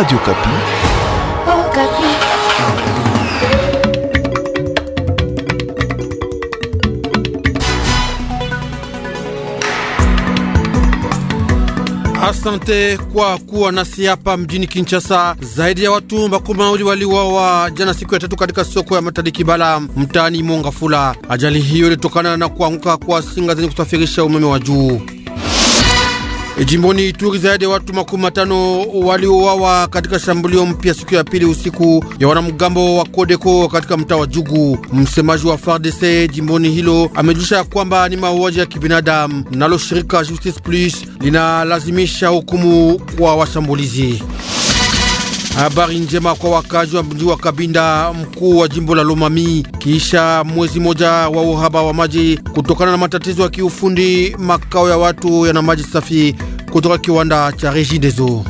Radio Kapi. Oh, Kapi. Asante kwa kuwa nasi hapa mjini Kinshasa. Zaidi ya watu makumi mawili waliuawa jana siku ya tatu katika soko ya Matadi Kibala mtaani Mongafula. Ajali hiyo ilitokana na kuanguka kwa singa zenye kusafirisha umeme wa juu. E, jimboni Ituri zaidi ya watu makumi matano waliouawa katika shambulio mpya siku ya pili usiku ya wanamgambo wa Kodeko katika mtaa wa Jugu. Msemaji wa FARDC jimboni hilo amejulisha kwamba ni mauaji ya kibinadamu, nalo shirika Justice Plus linalazimisha hukumu kwa washambulizi. Habari njema kwa wakazi wa mji wa Kabinda, mkuu wa jimbo la Lomami, kisha mwezi moja wa uhaba wa maji kutokana na matatizo ya kiufundi, makao ya watu yana maji safi kutoka kiwanda cha Regideso.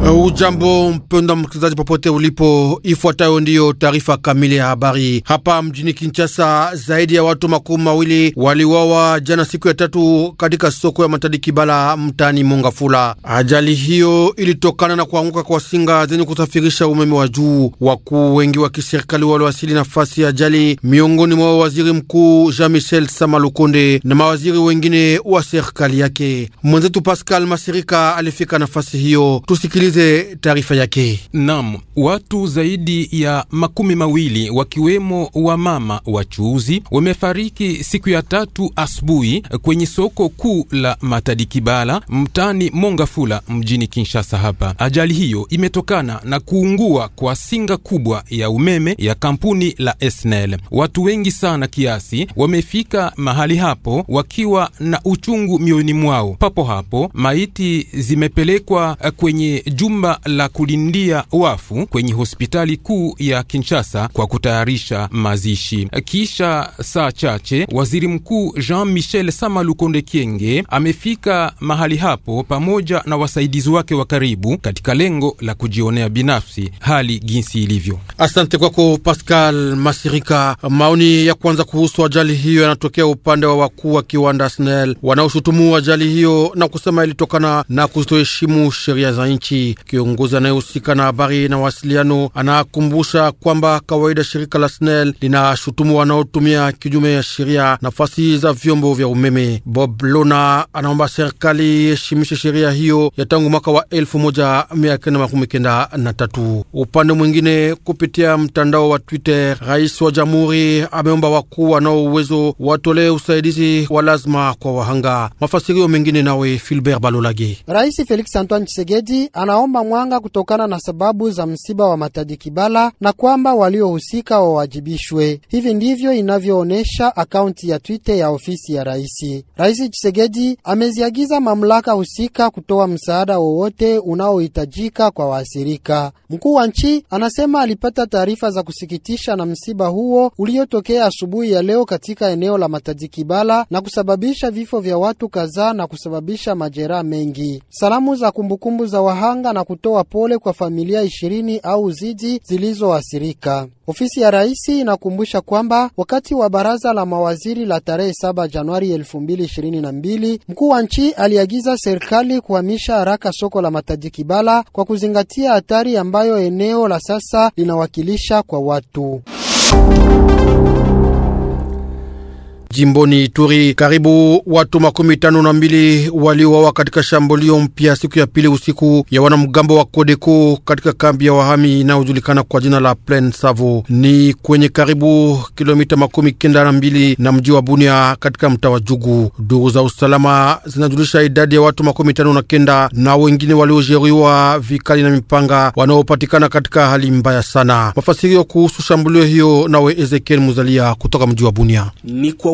Uh, ujambo mpenda msikilizaji, popote ulipo, ifuatayo ndiyo taarifa kamili ya habari. Hapa mjini Kinshasa, zaidi ya watu makumi mawili waliwawa jana siku ya tatu katika soko ya Matadi Kibala mtaani Mongafula. Ajali hiyo ilitokana na kuanguka kwa singa zenye kusafirisha umeme wa juu. Wakuu wengi wa kiserikali waliwasili nafasi ya ajali, miongoni mwa waziri mkuu Jean Michel Samalukonde na mawaziri wengine wa serikali yake. Mwenzetu Pascal Masirika alifika nafasi hiyo. Tusikilize tusikilize taarifa yake. Nam, watu zaidi ya makumi mawili wakiwemo wamama wachuuzi wamefariki siku ya tatu asubuhi kwenye soko kuu la Matadi Kibala mtaani Mongafula mjini Kinshasa. Hapa ajali hiyo imetokana na kuungua kwa singa kubwa ya umeme ya kampuni la SNEL. Watu wengi sana kiasi wamefika mahali hapo wakiwa na uchungu mioyoni mwao. Papo hapo maiti zimepelekwa kwenye jumba la kulindia wafu kwenye hospitali kuu ya Kinshasa kwa kutayarisha mazishi. Kisha saa chache, waziri mkuu Jean Michel Sama Lukonde Kienge amefika mahali hapo pamoja na wasaidizi wake wa karibu katika lengo la kujionea binafsi hali jinsi ilivyo. Asante kwako Pascal Masirika. Maoni ya kwanza kuhusu ajali hiyo yanatokea upande wa wakuu wa kiwanda SNEL wanaoshutumu ajali hiyo na kusema ilitokana na kutoheshimu sheria za nchi. Kiongozi anayehusika na habari na wasiliano anakumbusha kwamba kawaida shirika la SNEL linashutumu wanaotumia kinyume ya sheria nafasi za vyombo vya umeme. Bob Lona anaomba serikali iheshimishe sheria hiyo ya tangu mwaka wa 1993. Upande mwingine, kupitia mtandao wa Twitter, rais wa jamhuri ameomba wakuu wanao uwezo watolee usaidizi wa lazima kwa wahanga. Mafasirio mengine nawe Filbert Balolage. Rais Felix Antoine Tshisekedi ana wanaomba mwanga kutokana na sababu za msiba wa Mataji Kibala na kwamba waliohusika wawajibishwe. Hivi ndivyo inavyoonyesha akaunti ya Twitter ya ofisi ya rais. Rais Tshisekedi ameziagiza mamlaka husika kutoa msaada wowote unaohitajika kwa waathirika. Mkuu wa nchi anasema alipata taarifa za kusikitisha na msiba huo uliotokea asubuhi ya leo katika eneo la Mataji Kibala na kusababisha vifo vya watu kadhaa na kusababisha majeraha mengi. Salamu za kumbukumbu za wahanga kupanga na kutoa pole kwa familia ishirini au ziji zilizoathirika. Ofisi ya rais inakumbusha kwamba wakati wa baraza la mawaziri la tarehe 7 Januari 2022 mkuu wa nchi aliagiza serikali kuhamisha haraka soko la Matadi Kibala kwa kuzingatia hatari ambayo eneo la sasa linawakilisha kwa watu Jimboni Ituri, karibu watu makumi tano na mbili waliuawa katika shambulio mpya siku ya pili usiku ya wanamgambo wa Kodeko katika kambi ya wahami inayojulikana kwa jina la Plain Savo, ni kwenye karibu kilomita makumi kenda na mbili na mji wa Bunia katika mtaa wa Jugu. Duru za usalama zinajulisha idadi ya watu makumi tano na kenda na wengine waliojeruhiwa vikali na mipanga wanaopatikana katika hali mbaya sana. Mafasirio kuhusu shambulio hiyo nawe Ezekiel Muzalia kutoka mji wa Bunia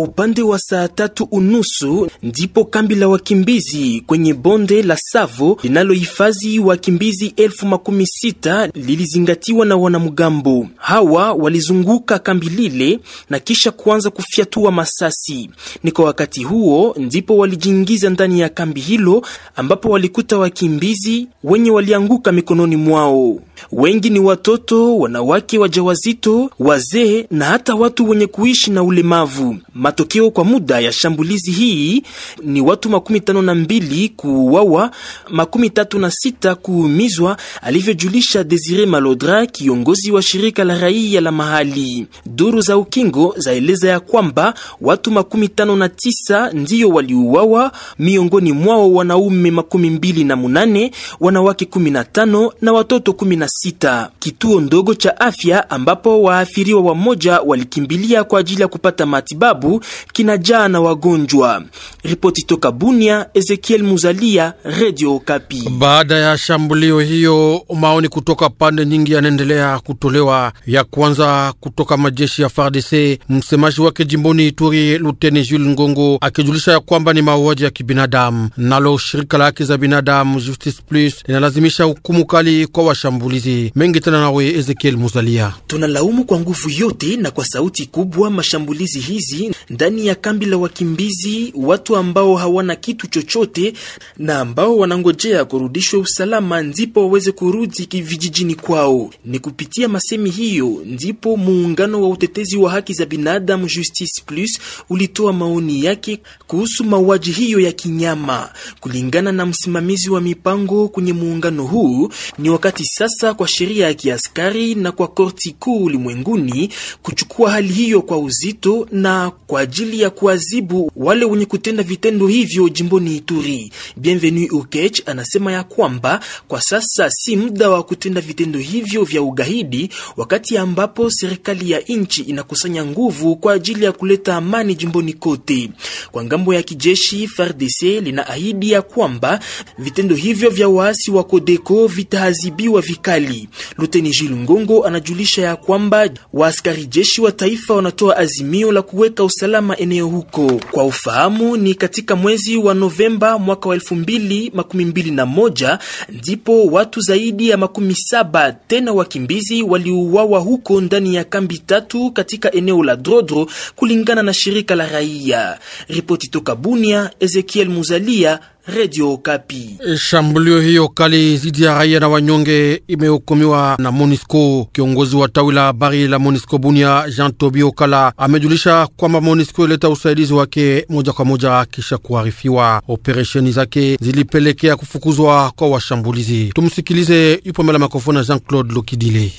upande wa saa tatu unusu ndipo kambi la wakimbizi kwenye bonde la Savo linalohifadhi wakimbizi elfu makumi sita lilizingatiwa na wanamgambo hawa. Walizunguka kambi lile na kisha kuanza kufyatua masasi. Ni kwa wakati huo ndipo walijiingiza ndani ya kambi hilo ambapo walikuta wakimbizi wenye walianguka mikononi mwao. Wengi ni watoto, wanawake wajawazito, wazee na hata watu wenye kuishi na ulemavu. Matokeo kwa muda ya shambulizi hii ni watu makumi tano na mbili kuuawa, makumi tatu na sita kuumizwa, alivyojulisha Desire Malodra, kiongozi wa shirika la raia la mahali. Duru za ukingo zaeleza ya kwamba watu makumi tano na tisa ndiyo waliuawa, miongoni mwao wanaume makumi mbili na munane, wanawake kumi na tano na watoto kumi na sita. Kituo ndogo cha afya ambapo waathiriwa wamoja walikimbilia kwa ajili ya kupata matibabu kinajaa na wagonjwa. Ripoti toka Bunia, Ezekiel Muzalia, Radio Kapi. Baada ya shambulio hiyo, maoni kutoka pande nyingi yanaendelea kutolewa. Ya kwanza kutoka majeshi ya FARDC, msemaji wake jimboni Ituri Luteni Jules Ngongo akijulisha ya kwamba ni mauaji ya kibinadamu. Nalo shirika la haki za binadamu Justice Plus linalazimisha hukumu kali kwa washambuli mashambulizi mengi tena. Nawe Ezekiel Muzalia, tunalaumu kwa nguvu yote na kwa sauti kubwa mashambulizi hizi ndani ya kambi la wakimbizi, watu ambao hawana kitu chochote na ambao wanangojea kurudishwa usalama, ndipo waweze kurudi vijijini kwao. Ni kupitia masemi hiyo ndipo muungano wa utetezi wa haki za binadamu Justice Plus ulitoa maoni yake kuhusu mauaji hiyo ya kinyama. Kulingana na msimamizi wa mipango kwenye muungano huu, ni wakati sasa hasa kwa sheria ya kiaskari na kwa korti kuu ulimwenguni kuchukua hali hiyo kwa uzito na kwa ajili ya kuadhibu wale wenye kutenda vitendo hivyo jimboni Ituri. Bienvenu Ukech anasema ya kwamba kwa sasa si muda wa kutenda vitendo hivyo vya ugaidi, wakati ambapo serikali ya nchi inakusanya nguvu kwa ajili ya kuleta amani jimboni kote. Kwa ngambo ya kijeshi, FARDC linaahidi ya kwamba vitendo hivyo vya waasi wa Kodeko vitaadhibiwa vikali serikali. Luteni Jilu Ngongo anajulisha ya kwamba waaskari jeshi wa taifa wanatoa azimio la kuweka usalama eneo huko. Kwa ufahamu, ni katika mwezi wa Novemba mwaka wa elfu mbili makumi mbili na moja ndipo watu zaidi ya makumi saba tena wakimbizi waliuawa huko ndani ya kambi tatu katika eneo la Drodro kulingana na shirika la raia. Ripoti toka Bunia, Ezekiel Muzalia Radio Kapi. E, shambulio hiyo kali dhidi ya raia na wanyonge imehukumiwa na Monisco. Kiongozi wa tawi la habari la Monisco Bunia, Jean Tobi Okala, amejulisha kwamba Monisco ileta usaidizi wake moja kwa moja kisha kuharifiwa. Operesheni zake zilipelekea kufukuzwa kwa washambulizi. Tumsikilize, yupo mbele ya makofona Jean Claude Lokidile.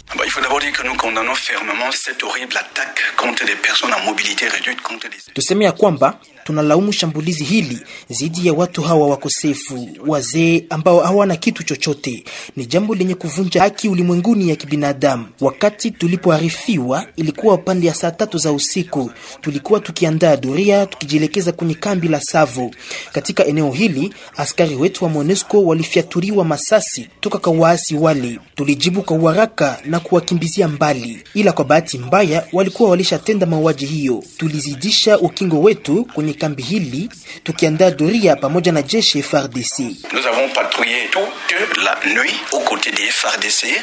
Tuseme ya kwamba tunalaumu shambulizi hili dhidi ya watu hawa wakosefu, wazee ambao hawana kitu chochote. Ni jambo lenye kuvunja haki ulimwenguni ya kibinadamu. Wakati tulipoarifiwa ilikuwa upande ya saa tatu za usiku, tulikuwa tukiandaa doria tukijielekeza kwenye kambi la Savo. Katika eneo hili askari wetu wa MONUSCO walifyaturiwa masasi toka kwa waasi wale. Tulijibu kwa uharaka na kuwakimbizia mbali, ila kwa bahati mbaya walikuwa walishatenda mauaji hiyo. Tulizidisha ukingo wetu kwenye kambi hili tukiandaa doria pamoja na jeshi chez Nous avons patrouillé toute la nuit aux côtés des FARDC.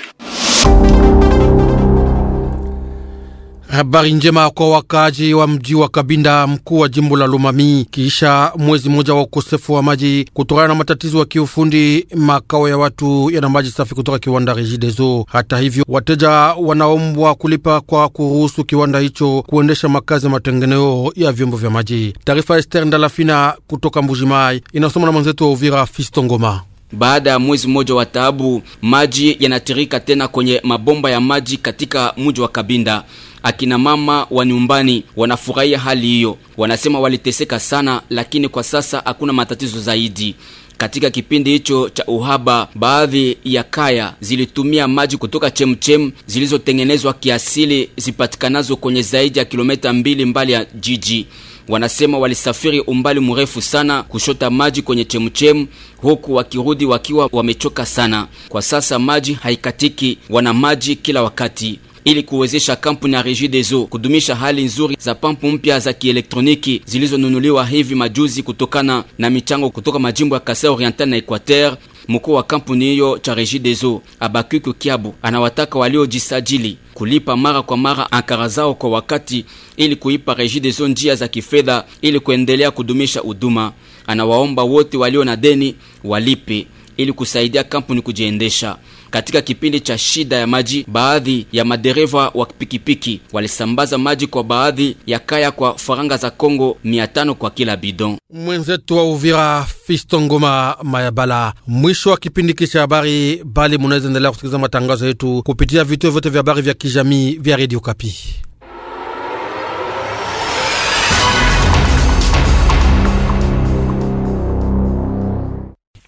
Habari njema kwa wakaaji wa mji wa Kabinda, mkuu wa jimbo la Lomami, Kisha mwezi mmoja wa ukosefu wa maji kutokana na matatizo ya kiufundi. Makao ya watu yana maji safi kutoka kiwanda Regideso. Hata hivyo, wateja wanaombwa kulipa kwa kuruhusu kiwanda hicho kuendesha makazi ya matengeneo ya vyombo vya maji. Taarifa Ester Ndalafina kutoka Mbujimai inasoma na mwenzetu wa Uvira fistongoma baada ya mwezi mmoja wa taabu, maji yanatirika tena kwenye mabomba ya maji katika mji wa Kabinda. Akina mama wa nyumbani wanafurahia hali hiyo, wanasema waliteseka sana, lakini kwa sasa hakuna matatizo zaidi. Katika kipindi hicho cha uhaba, baadhi ya kaya zilitumia maji kutoka chemchem zilizotengenezwa kiasili zipatikanazo kwenye zaidi ya kilomita mbili mbali ya jiji wanasema walisafiri umbali mrefu sana kushota maji kwenye chemuchemu, huku wakirudi wakiwa wamechoka sana. Kwa sasa maji haikatiki, wana maji kila wakati ili kuwezesha kampuni ya Regideso kudumisha hali nzuri za pampu mpya za kielektroniki zilizonunuliwa hivi majuzi kutokana na michango kutoka majimbo ya Kasai Oriental na Equateur mkuu wa kampuni hiyo cha Regideso Abakuku Kiabu anawataka waliojisajili kulipa mara kwa mara ankara zao kwa wakati ili kuipa Regideso njia za kifedha ili kuendelea kudumisha huduma. Anawaomba wote walio na deni walipe ili kusaidia kampuni kujiendesha katika kipindi cha shida ya maji, baadhi ya madereva wa pikipiki walisambaza maji kwa baadhi ya kaya kwa faranga za Kongo 500 kwa kila bidon. Mwenzetu wa Uvira Fistongoma Mayabala. Mwisho wa kipindi cha habari, bali munaweza endelea kusikiliza matangazo yetu kupitia vituo vyote vya habari vya kijamii vya Radio Kapi.